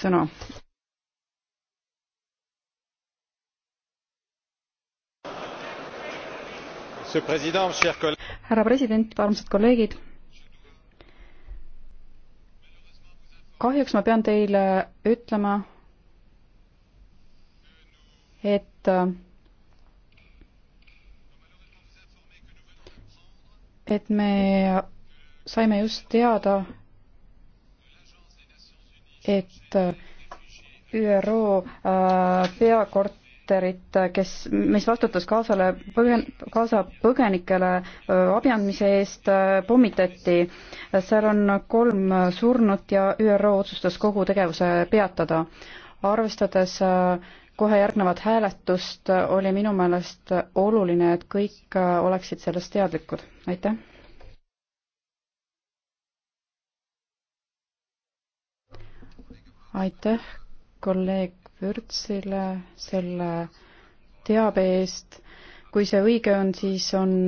sõna. härra president, armsad kolleegid. kahjuks ma pean teile ütlema, et et me saime just teada, et äh, ÜRO äh, peakort-, korterit, kes, mis vastutas Gazale, Gaza põgenikele äh, abi andmise eest, pommitati. seal on kolm surnut ja ÜRO otsustas kogu tegevuse peatada. arvestades kohe järgnevat hääletust, oli minu meelest oluline, et kõik oleksid sellest teadlikud. aitäh! aitäh kolleeg Vürtsile selle teabe eest. kui see õige on, siis on